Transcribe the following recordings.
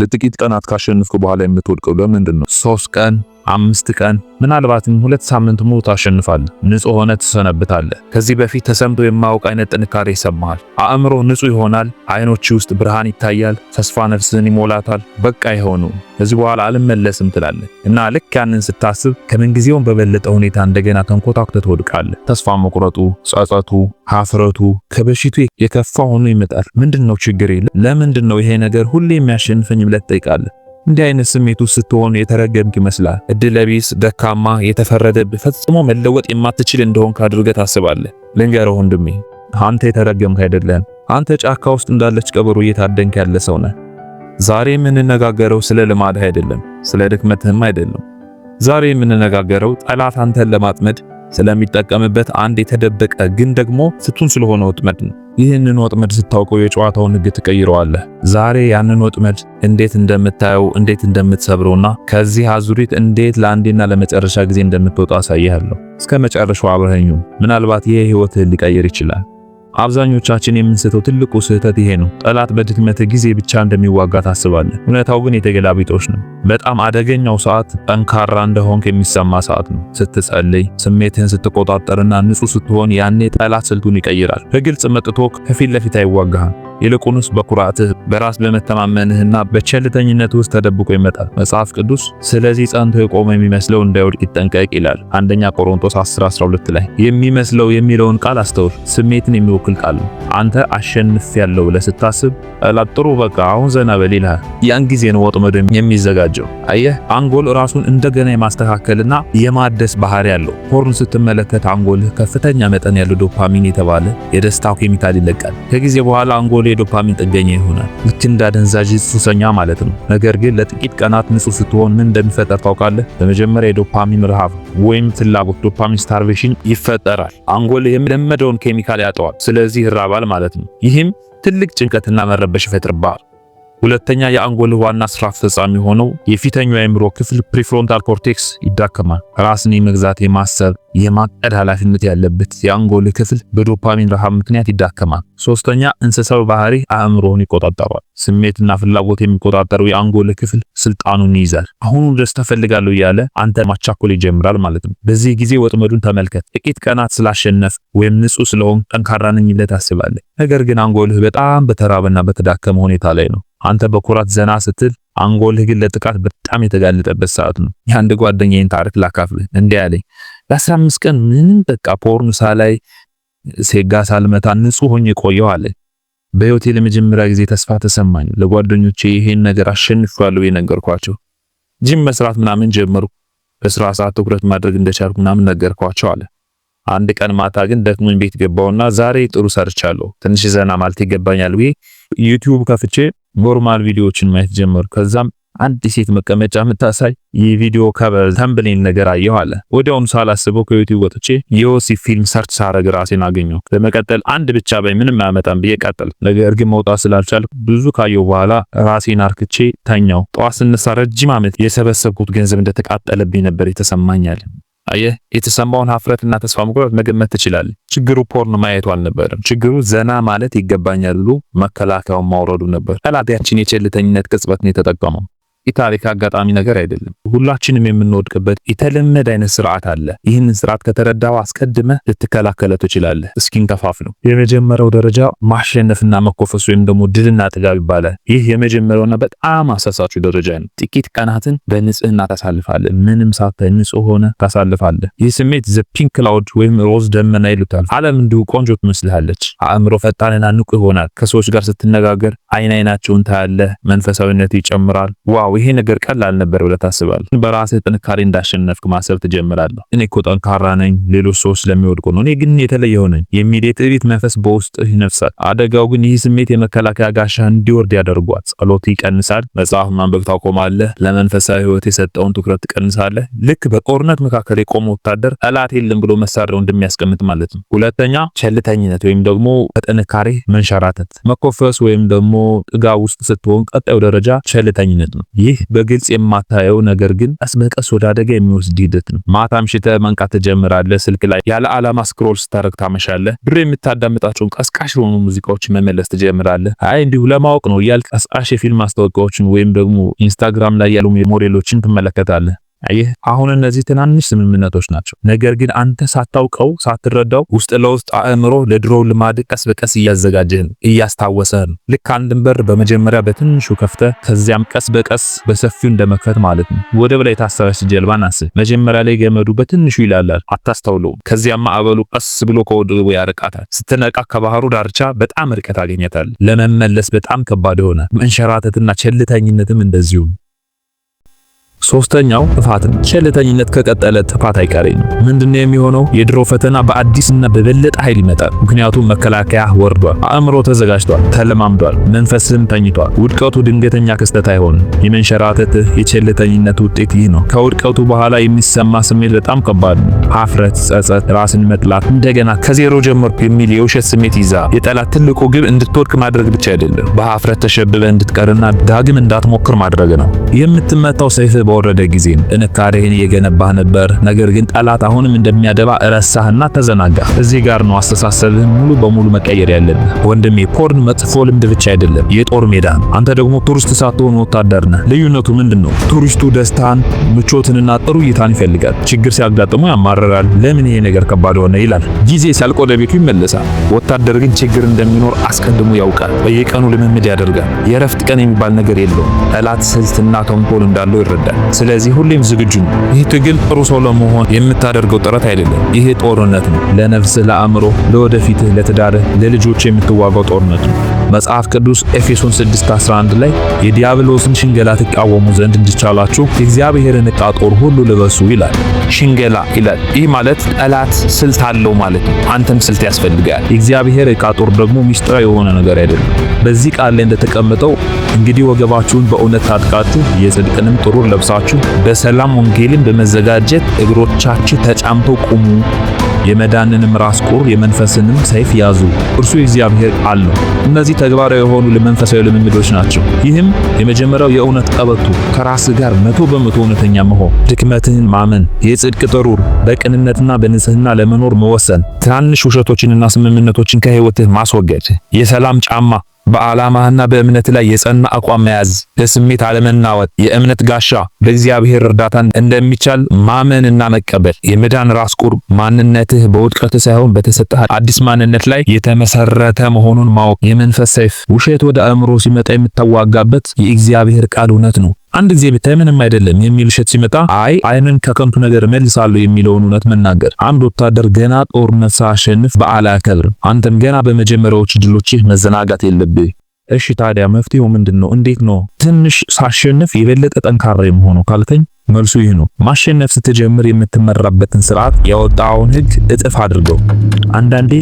ለጥቂት ቀናት ካሸነፍኩ በኋላ የምትወድቀው ለምንድን ነው? ሶስት ቀን አምስት ቀን ምናልባትም ሁለት ሳምንት ሙሉ ታሸንፋል። ንጹህ ሆነ ትሰነብታለ ከዚህ በፊት ተሰምቶ የማያውቅ አይነት ጥንካሬ ይሰማሃል። አእምሮ ንጹህ ይሆናል። አይኖች ውስጥ ብርሃን ይታያል። ተስፋ ነፍስን ይሞላታል። በቃ ይሆኑ ከዚህ በኋላ አልመለስም ትላለህ እና ልክ ያንን ስታስብ ከምንጊዜውም በበለጠ ሁኔታ እንደገና ተንኮታኩተህ ትወድቃለህ። ተስፋ መቁረጡ፣ ጸጸቱ፣ ሀፍረቱ ከበሽቱ የከፋ ሆኖ ይመጣል። ምንድን ነው ችግር? ለምንድን ነው ይሄ ነገር ሁሌ የሚያሸንፈኝ ብለት ትጠይቃለህ። እንዲህ አይነት ስሜት ውስጥ ስትሆን የተረገምክ ይመስላል። እድለቢስ፣ ደካማ፣ የተፈረደብ ፈጽሞ መለወጥ የማትችል እንደሆንክ አድርገህ ታስባለህ። ልንገረው ወንድሜ፣ አንተ የተረገምክ አይደለም። አንተ ጫካ ውስጥ እንዳለች ቀበሮ እየታደንክ ያለ ሰው ነህ። ዛሬ የምንነጋገረው ስለ ልማድህ አይደለም፣ ስለ ድክመትህም አይደለም። ዛሬ የምንነጋገረው ጠላት አንተን ለማጥመድ ስለሚጠቀምበት አንድ የተደበቀ ግን ደግሞ ፍቱን ስለሆነ ወጥመድ ነው። ይህንን ወጥመድ ስታውቀው የጨዋታውን ሕግ ትቀይረዋለህ። ዛሬ ያንን ወጥመድ እንዴት እንደምታየው፣ እንዴት እንደምትሰብረውና ከዚህ አዙሪት እንዴት ለአንዴና ለመጨረሻ ጊዜ እንደምትወጣ አሳይሃለሁ። እስከ መጨረሻው አብረኸኙ። ምናልባት ይህ ሕይወትህን ሊቀይር ይችላል። አብዛኞቻችን የምንስተው ትልቁ ስህተት ይሄ ነው። ጠላት በድክመት ጊዜ ብቻ እንደሚዋጋ ታስባለን። እውነታው ግን የተገላቢጦሽ ነው። በጣም አደገኛው ሰዓት ጠንካራ እንደሆንክ የሚሰማ ሰዓት ነው። ስትጸልይ፣ ስሜትህን ስትቆጣጠርና ንጹህ ስትሆን፣ ያኔ ጠላት ስልቱን ይቀይራል። በግልጽ መጥቶ ከፊት ለፊት አይዋጋህም። ይልቁንስ በኩራትህ በራስ በመተማመንህና በቸልተኝነት ውስጥ ተደብቆ ይመጣል። መጽሐፍ ቅዱስ ስለዚህ ጸንቶ የቆመ የሚመስለው እንዳይወድቅ ይጠንቀቅ ይላል። አንደኛ ቆሮንቶስ 10:12 ላይ የሚመስለው የሚለውን ቃል አስተውል። ስሜትን የሚወክል ቃል ነው። አንተ አሸንፍ ያለው ብለህ ስታስብ ጠላት ጥሩ በቃ አሁን ዘና በል ይልሃል። ያን ጊዜ ነው ወጥመዱ የሚዘጋጀው። አየህ፣ አንጎል ራሱን እንደገና የማስተካከልና የማደስ ባህሪ ያለው። ፖርን ስትመለከት አንጎልህ ከፍተኛ መጠን ያለው ዶፓሚን የተባለ የደስታ ኬሚካል ይለቃል። ከጊዜ በኋላ አንጎል የዶፓሚን ጥገኛ ይሆናል። ልክ እንደ አደንዛዥ ሱሰኛ ማለት ነው። ነገር ግን ለጥቂት ቀናት ንጹህ ስትሆን ምን እንደሚፈጠር ታውቃለህ? በመጀመሪያ የዶፓሚን ረሃብ ወይም ፍላጎት ዶፓሚን ስታርቬሽን ይፈጠራል። አንጎል የለመደውን ኬሚካል ያጠዋል፣ ስለዚህ ይራባል ማለት ነው። ይህም ትልቅ ጭንቀትና መረበሽ ይፈጥርብሃል። ሁለተኛ የአንጎል ዋና ስራ ተጻሚ ሆነው የፊተኛው የአእምሮ ክፍል ፕሪፍሮንታል ኮርቴክስ ይዳከማል። ራስን የመግዛት የማሰብ የማቀድ ኃላፊነት ያለበት የአንጎል ክፍል በዶፓሚን ረሃብ ምክንያት ይዳከማል። ሶስተኛ እንስሳዊ ባህሪ አእምሮን ይቆጣጠሯል። ስሜትና ፍላጎት የሚቆጣጠረው የአንጎል ክፍል ስልጣኑን ይይዛል። አሁኑ ደስ ተፈልጋለሁ እያለ አንተ ማቻኮል ይጀምራል ማለት ነው። በዚህ ጊዜ ወጥመዱን ተመልከት። ጥቂት ቀናት ስላሸነፍ ወይም ንጹህ ስለሆን ጠንካራ ነኝ ነገር ግን አንጎልህ በጣም በተራበና በተዳከመ ሁኔታ ላይ ነው። አንተ በኩራት ዘና ስትል አንጎልህ ግን ለጥቃት በጣም የተጋለጠበት ሰዓት ነው። የአንድ ጓደኛዬን ታሪክ ላካፍልህ። እንዲህ አለኝ። ለ15 ቀን ምንም በቃ ፖርን ሳላይ ሴጋ ሳልመታ ንጹህ ሆኜ ቆየሁ አለ። በህይወቴ ለመጀመሪያ ጊዜ ተስፋ ተሰማኝ። ለጓደኞቼ ይሄን ነገር አሸንፌዋለሁ የነገርኳቸው። ጂም መስራት ምናምን ጀመሩ። በስራ ሰዓት ትኩረት ማድረግ እንደቻልኩ ምናምን ነገርኳቸው አለ። አንድ ቀን ማታ ግን ደክሞኝ ቤት ገባውና ዛሬ ጥሩ ሰርቻለሁ፣ ትንሽ ዘና ማለት ይገባኛል ብዬ ዩቲዩብ ከፍቼ ኖርማል ቪዲዮዎችን ማየት ጀመሩ። ከዛም አንድ ሴት መቀመጫ የምታሳይ የቪዲዮ ከቨር ተምብሌን ነገር አየሁ አለ። ወዲያውም ሳላስበው ከዩቲዩብ ወጥቼ የወሲብ ፊልም ሰርች ሳረግ ራሴን አገኘሁ። በመቀጠል አንድ ብቻ ባይ ምንም አያመጣም ብዬ ቀጠል። ነገር ግን መውጣት ስላልቻልኩ ብዙ ካየሁ በኋላ ራሴን አርክቼ ተኛው። ጠዋት ስነሳ ረጅም ዓመት የሰበሰብኩት ገንዘብ እንደተቃጠለብኝ ነበር የተሰማኛል። አየህ፣ የተሰማውን ሀፍረትና ተስፋ መቁረጥ መገመት ትችላለህ። ችግሩ ፖርን ማየቱ አልነበረም። ችግሩ ዘና ማለት ይገባኛል ብሎ መከላከያውን ማውረዱ ነበር። ጠላት የቸልተኝነት ቅጽበት የተጠቀመው። የታሪክ አጋጣሚ ነገር አይደለም። ሁላችንም የምንወድቅበት የተለመደ አይነት ስርዓት አለ። ይህንን ስርዓት ከተረዳው አስቀድመ ልትከላከለ ትችላለህ። እስኪን ከፋፍ ነው። የመጀመሪያው ደረጃ ማሸነፍና መኮፈስ ወይም ደግሞ ድልና ጥጋብ ይባላል። ይህ የመጀመሪያውና በጣም አሳሳቹ ደረጃ ነው። ጥቂት ቀናትን በንጽህና ታሳልፋለህ። ምንም ሳታይ ንጹህ ሆነ ታሳልፋለህ። ይህ ስሜት ዘ ፒንክ ክላውድ ወይም ሮዝ ደመና ይሉታል። አለም እንዲሁ ቆንጆ ትመስልሃለች። አእምሮ ፈጣንና ንቁ ይሆናል። ከሰዎች ጋር ስትነጋገር አይን አይናቸውን ታያለህ። መንፈሳዊነት ይጨምራል። ዋው ይሄ ነገር ቀላል ነበር ብለህ ታስባለህ። ይችላል። በራስህ ጥንካሬ እንዳሸነፍክ ማሰብ ትጀምራለህ። እኔ እኮ ጠንካራ ነኝ፣ ሌሎች ሰዎች ስለሚወድቁ ነው፣ እኔ ግን የተለየ ሆነኝ የሚል የትዕቢት መንፈስ በውስጥህ ይነፍሳል። አደጋው ግን ይህ ስሜት የመከላከያ ጋሻ እንዲወርድ ያደርጓል። ጸሎት ይቀንሳል፣ መጽሐፍ ማንበብ ታቆማለህ፣ ለመንፈሳዊ ህይወት የሰጠውን ትኩረት ትቀንሳለህ። ልክ በጦርነት መካከል የቆመ ወታደር ጠላት የለም ብሎ መሳሪያው እንደሚያስቀምጥ ማለት ነው። ሁለተኛ ቸልተኝነት ወይም ደግሞ ከጥንካሬ መንሸራተት መኮፈስ ወይም ደግሞ ጥጋ ውስጥ ስትሆን ቀጣዩ ደረጃ ቸልተኝነት ነው። ይህ በግልጽ የማታየው ነገር ነገር ግን ቀስ በቀስ ወደ አደጋ የሚወስድ ሂደት ነው። ማታ አምሽተህ መንቃት ትጀምራለህ። ስልክ ላይ ያለ ዓላማ ስክሮል ስታረግ ታመሻለህ። ብር የምታዳምጣቸውን ቀስቃሽ የሆኑ ሙዚቃዎች መመለስ ትጀምራለህ። አይ እንዲሁ ለማወቅ ነው እያልክ ቀስቃሽ የፊልም ማስታወቂያዎችን ወይም ደግሞ ኢንስታግራም ላይ ያሉ ሞዴሎችን ትመለከታለህ። ይህ አሁን እነዚህ ትናንሽ ስምምነቶች ናቸው። ነገር ግን አንተ ሳታውቀው ሳትረዳው ውስጥ ለውስጥ አእምሮ ለድሮ ልማድ ቀስ በቀስ እያዘጋጀህ ነው፣ ልክ አንድን በር በመጀመሪያ በትንሹ ከፍተ ከዚያም ቀስ በቀስ በሰፊው እንደመክፈት ማለት ነው። ወደብ ላይ የታሰረች ጀልባን አስብ። መጀመሪያ ላይ ገመዱ በትንሹ ይላላል፣ አታስተውለውም። ከዚያም ማዕበሉ ቀስ ብሎ ከወደቡ ያርቃታል። ስትነቃ ከባህሩ ዳርቻ በጣም ርቀት አገኘታል። ለመመለስ በጣም ከባድ ሆነ። መንሸራተትና ቸልተኝነትም እንደዚሁም ሶስተኛው ጥፋት ነው። ቸልተኝነት ከቀጠለ ጥፋት አይቀሬ ነው። ምንድነው የሚሆነው? የድሮ ፈተና በአዲስና በበለጠ ኃይል ይመጣል። ምክንያቱም መከላከያ ወርዷል፣ አእምሮ ተዘጋጅቷል፣ ተለማምዷል፣ መንፈስም ተኝቷል። ውድቀቱ ድንገተኛ ክስተት አይሆንም። የመንሸራተትህ የቸልተኝነት ውጤት ይህ ነው። ከውድቀቱ በኋላ የሚሰማ ስሜት በጣም ከባድ ነው። ሀፍረት፣ ጸጸት፣ ራስን መጥላት፣ እንደገና ከዜሮ ጀመርኩ የሚል የውሸት ስሜት ይዛ የጠላት ትልቁ ግብ እንድትወድቅ ማድረግ ብቻ አይደለም፣ በሀፍረት ተሸብበ እንድትቀርና ዳግም እንዳትሞክር ማድረግ ነው። የምትመታው ሰይፍ በወረደ ጊዜ ጥንካሬህን እየገነባህ ነበር። ነገር ግን ጠላት አሁንም እንደሚያደባ ረሳህና ተዘናጋ። እዚህ ጋር ነው አስተሳሰብህን ሙሉ በሙሉ መቀየር ያለብህ ወንድሜ። ፖርን መጥፎ ልምድ ብቻ አይደለም፣ የጦር ሜዳ ነው። አንተ ደግሞ ቱሪስት ሳትሆን ወታደር ነህ። ልዩነቱ ምንድን ነው? ቱሪስቱ ደስታን፣ ምቾትንና ጥሩ እይታን ይፈልጋል። ችግር ሲያጋጥመው ያማረራል። ለምን ይሄ ነገር ከባድ ሆነ ይላል። ጊዜ ሲያልቅ ወደ ቤቱ ይመለሳል። ወታደር ግን ችግር እንደሚኖር አስቀድሞ ያውቃል። በየቀኑ ልምምድ ያደርጋል። የእረፍት ቀን የሚባል ነገር የለውም። ጠላት ስልትና ተንኮል እንዳለው ይረዳል። ስለዚህ ሁሌም ዝግጁ ነው። ይህ ትግል ጥሩ ሰው ለመሆን የምታደርገው ጥረት አይደለም። ይሄ ጦርነት ነው። ለነፍስህ፣ ለአእምሮ፣ ለወደፊትህ፣ ለትዳርህ፣ ለልጆች የምትዋጋው ጦርነት ነው። መጽሐፍ ቅዱስ ኤፌሶን 6:11 ላይ የዲያብሎስን ሽንገላ ትቃወሙ ዘንድ እንዲቻላችሁ የእግዚአብሔርን ዕቃ ጦር ሁሉ ልበሱ ይላል። ሽንገላ ይላል። ይህ ማለት ጠላት ስልት አለው ማለት ነው። አንተም ስልት ያስፈልጋል። የእግዚአብሔር ዕቃ ጦር ደግሞ ሚስጥራዊ የሆነ ነገር አይደለም። በዚህ ቃል ላይ እንደተቀመጠው እንግዲህ ወገባችሁን በእውነት ታጥቃችሁ የጽድቅንም ጥሩር ለብሳችሁ በሰላም ወንጌልን በመዘጋጀት እግሮቻችሁ ተጫምተው ቁሙ የመዳንንም ራስ ቁር የመንፈስንም ሰይፍ ያዙ፣ እርሱ የእግዚአብሔር ቃል ነው። እነዚህ ተግባራዊ የሆኑ መንፈሳዊ ልምምዶች ናቸው። ይህም የመጀመሪያው የእውነት ቀበቶ ከራስ ጋር መቶ በመቶ እውነተኛ መሆን፣ ድክመትህን ማመን፣ የጽድቅ ጥሩር በቅንነትና በንጽህና ለመኖር መወሰን፣ ትናንሽ ውሸቶችንና ስምምነቶችን ከህይወትህ ማስወገድ፣ የሰላም ጫማ በዓላማህና በእምነት ላይ የጸና አቋም መያዝ፣ ለስሜት አለመናወጥ፣ የእምነት ጋሻ፣ በእግዚአብሔር እርዳታ እንደሚቻል ማመንና መቀበል። የመዳን ራስ ቁር ማንነትህ በውድቀት ሳይሆን በተሰጠህ አዲስ ማንነት ላይ የተመሰረተ መሆኑን ማወቅ። የመንፈስ ሰይፍ ውሸት ወደ አእምሮ ሲመጣ የምታዋጋበት የእግዚአብሔር ቃል እውነት ነው። አንድ ጊዜ ብታይ ምንም አይደለም የሚል እሸት ሲመጣ አይ አይንን ከከንቱ ነገር መልሳለሁ የሚለውን እውነት መናገር። አንድ ወታደር ገና ጦርነት ሳያሸንፍ በዓል አያከብርም። አንተም ገና በመጀመሪያዎች ድሎችህ መዘናጋት የለብህ። እሺ ታዲያ መፍትሄው ምንድን ነው? እንዴት ነው ትንሽ ሳሸንፍ የበለጠ ጠንካራ የምሆነው ካልከኝ መልሱ ይህ ነው። ማሸነፍ ስትጀምር የምትመራበትን ስርዓት ያወጣውን ህግ እጥፍ አድርገው። አንዳንዴ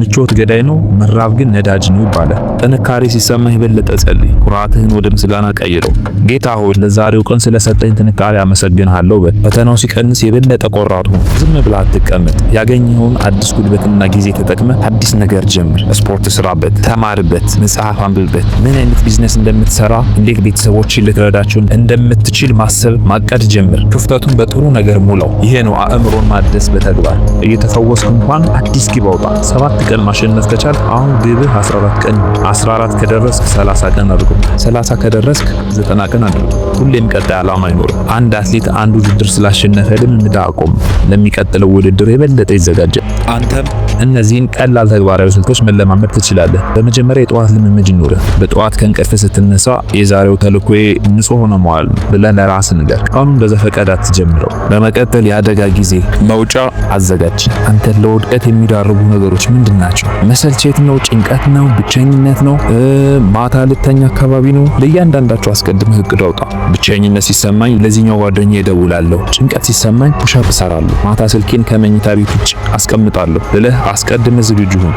ምቾት ገዳይ ነው፣ መራብ ግን ነዳጅ ነው ይባላል። ጥንካሬ ሲሰማህ የበለጠ ጸልይ። ኩራትህን ወደ ምስጋና ቀይረው። ጌታ ሆይ ለዛሬው ቀን ስለሰጠኝ ጥንካሬ አመሰግንሃለሁ በል። ፈተናው ሲቀንስ የበለጠ ቆራጥ ሁን። ዝም ብለህ አትቀመጥ። ያገኘኸውን አዲስ ጉልበትና ጊዜ ተጠቅመ አዲስ ነገር ጀምር። ስፖርት ስራበት፣ ተማርበት፣ መጽሐፍ አንብበት። ምን አይነት ቢዝነስ እንደምትሰራ፣ እንዴት ቤተሰቦች ልትረዳቸው እንደምትችል ማሰብ ማቀድ ጀምር። ክፍተቱን በጥሩ ነገር ሙላው። ይሄ ነው አእምሮን ማደስ በተግባር እየተፈወስክ እንኳን አዲስ ግብ አውጣ። ሰባት ቀን ማሸነፍ ከቻል አሁን ግብህ 14 ቀን 14 ከደረስክ 30 ቀን አድርጎ 30 ከደረስክ 90 ቀን አድርጎ። ሁሌም ቀጣይ ዓላማ አይኖርም። አንድ አትሌት አንድ ውድድር ስላሸነፈ ልምምድ አቆም፣ ለሚቀጥለው ውድድር የበለጠ ይዘጋጃል። አንተም እነዚህን ቀላል ተግባራዊ ስልቶች መለማመድ ትችላለህ። በመጀመሪያ የጠዋት ልምምድ ይኑር። በጠዋት ከእንቅልፍ ስትነሳ የዛሬው ተልእኮዬ ንጹህ ሆኖ መዋል ብለህ ንገር። ቀኑን በዘፈቀድ አትጀምረው። በመቀጠል የአደጋ ጊዜ መውጫ አዘጋጅ። አንተን ለውድቀት የሚዳርጉ ነገሮች ምንድን ናቸው? መሰልቸት ነው? ጭንቀት ነው? ብቸኝነት ማለት ነው። ማታ ልተኛ አካባቢ ነው። ለእያንዳንዳቸው አስቀድመህ እቅድ አውጣ። ብቸኝነት ሲሰማኝ ለዚህኛው ጓደኛ እደውላለሁ፣ ጭንቀት ሲሰማኝ ፑሻፕ እሰራለሁ፣ ማታ ስልኬን ከመኝታ ቤት ውጭ አስቀምጣለሁ ብለህ አስቀድመህ ዝግጁ ሁን።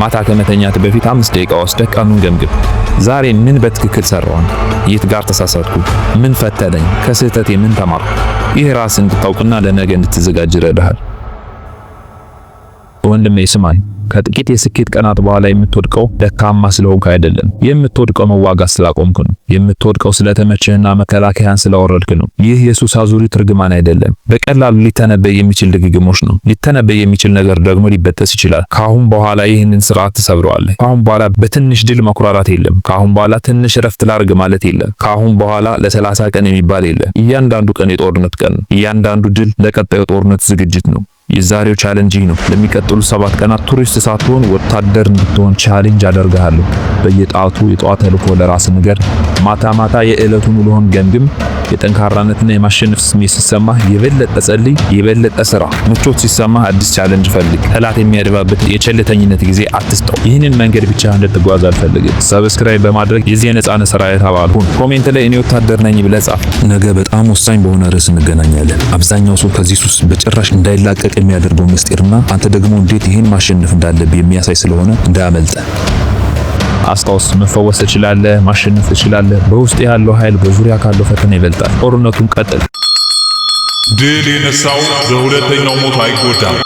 ማታ ከመተኛት በፊት አምስት ደቂቃ ወስደህ ቀኑን ገምግም። ዛሬ ምን በትክክል ሰራውን? የት ጋር ተሳሳትኩ? ምን ፈተነኝ? ከስህተቴ ምን ተማርኩ? ይህ ራስ እንድታውቅና ለነገ እንድትዘጋጅ ይረዳሃል። ወንድሜ ስማኝ ከጥቂት የስኬት ቀናት በኋላ የምትወድቀው ደካማ ስለሆንክ አይደለም። የምትወድቀው መዋጋት ስላቆምክ ነው። የምትወድቀው ስለተመቸህና መከላከያን ስለወረድክ ነው። ይህ የሱስ አዙሪት እርግማን አይደለም። በቀላሉ ሊተነበይ የሚችል ድግግሞች ነው። ሊተነበይ የሚችል ነገር ደግሞ ሊበጠስ ይችላል። ከአሁን በኋላ ይህንን ስርዓት ትሰብረዋለህ። ከአሁን በኋላ በትንሽ ድል መኩራራት የለም። ከአሁን በኋላ ትንሽ ረፍት ላርግ ማለት የለም። ከአሁን በኋላ ለሰላሳ ቀን የሚባል የለም። እያንዳንዱ ቀን የጦርነት ቀን ነው። እያንዳንዱ ድል ለቀጣዩ ጦርነት ዝግጅት ነው። የዛሬው ቻሌንጅ ነው። ለሚቀጥሉ ሰባት ቀናት ቱሪስት ሳትሆን ወታደር እንድትሆን ቻሌንጅ አደርግሃለሁ። በየጣቱ የጠዋት ተልዕኮ ለራስ ንገር። ማታ ማታ የዕለቱን ውሎህን ገምግም። የጠንካራነትና የማሸነፍ ስሜት ሲሰማ የበለጠ ጸልይ፣ የበለጠ ስራ። ምቾት ሲሰማ አዲስ ቻለንጅ ፈልግ። ጠላት የሚያደባበት የቸልተኝነት ጊዜ አትስጠው። ይህንን መንገድ ብቻ እንድትጓዝ አልፈልግም። ሰብስክራይብ በማድረግ የዚህ የነጻነት ሰራዊት አባል ሁን። ኮሜንት ላይ እኔ ወታደር ነኝ ብለህ ጻፍ። ነገ በጣም ወሳኝ በሆነ ርዕስ እንገናኛለን። አብዛኛው ሰው ከዚህ ሱስ በጭራሽ እንዳይላቀቅ የሚያደርገው ምስጢርና አንተ ደግሞ እንዴት ይህን ማሸነፍ እንዳለብህ የሚያሳይ ስለሆነ እንዳያመልጠ አስታውስ፣ መፈወስ ትችላለህ፣ ማሸነፍ ትችላለህ። በውስጥ ያለው ኃይል በዙሪያ ካለው ፈተና ይበልጣል። ጦርነቱን ቀጥል። ድል የነሳው በሁለተኛው ሞት አይጎዳም።